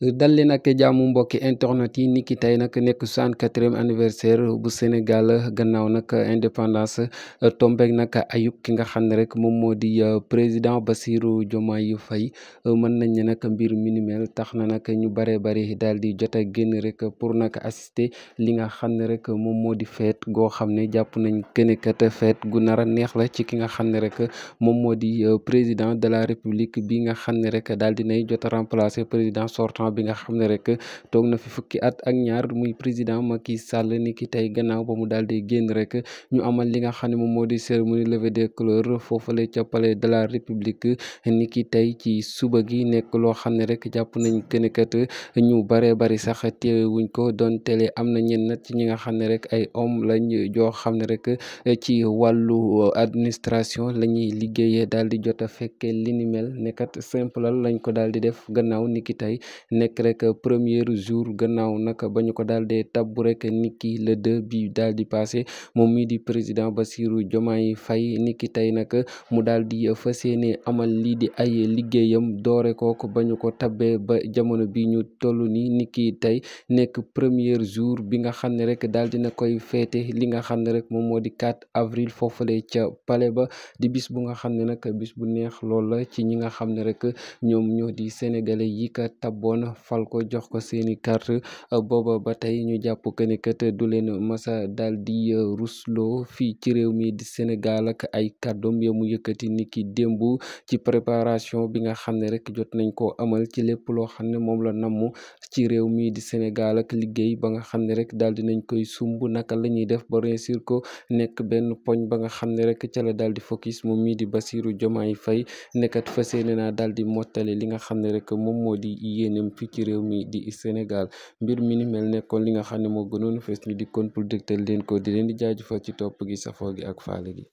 dal leen ak jàmm mbokki internet yi niki tey nag nekk 64e anniversaire bu Sénégal gannaaw nag indépendance tombek nag ayub ki nga xam ne rek moom moo di euh, président Bassirou Diomaye Faye euh, mën nañ ne nag mbir minimel tax na nag ñu bare bari daal di jot génn rek pour nag assister li nga xam ne rek moom moo di feet goo xam ne jàpp nañ kenekat feet gu nar a neex la ci ki nga xam ne rek moom moo di euh, président de la république bi nga xam ne rek daal di nay jot a remplacer président sortant président bi nga xam ne rek toog na fi fukki at ak ñaar muy président Macky Sall ni ki tey gannaaw ba mu daal di génn rek ñu amal li nga xam ne moom moo di cérémonie levée des couleurs foofale ca palais de la république ni ki tey ci suba gi nekk loo xam ne rek jàpp nañ kenn ñu bare bari sax wuñ ko doon télé am na ñenn na ci ñi nga xam ne rek ay om lañ joo xam ne rek ci wàllu administration la ñuy liggéeyee daal di jot a fekkee ni mel nekkat simple lañ ko dal di def gannaaw ni nekk rek premier jour gannaaw nag ba ñu ko daal di tabbu rek niki le deux bi daal di passé moom mii di président ba Bassirou Diomaye Faye niki tey nag mu daal di fas yéene amal lii di ay liggéeyam doore kook ba ñu ko tabe ba jamono bi ñu toll ni niki tey nekk premier jour bi nga xam ne rek daal dina koy feete li nga xam ne rek moom moo di 4 avril foofale ca palais ba di bis bu nga xam ne nag bis bu neex lool la ci ñi nga xam ne rek ñoom ñoo di sénégalais fal ko jox ko seeni carte booba ba tey ñu jàpp que ni kat du leen masa daal di euh, rusloo fii ci réew mi di Sénégal ak ay kàddoom ya mu yëkkati ni ki démb ci préparation bi nga xam ne rek jot nañ ko amal ci lépp loo xam ne moom la namm ci réew mi di Sénégal liggéey ba nga xam ne rek daal di nañ koy sumb naka la ñuy def ba réussir ko nekk benn poñ ba nga xam ne rek ca la dal di focus moom mii di Bassirou Diomaye Faye nekkat fas yéene naa daal di mottali li nga xam ne rek moom moo di yéenem fii ci réew mi di Sénégal mbir mi ni mel nekkoon li nga xam ne moo gënoon fees ñu dikkoon pour dégtal leen ko di leen di jaajëfal ci topp gi safoo gi ak faale gi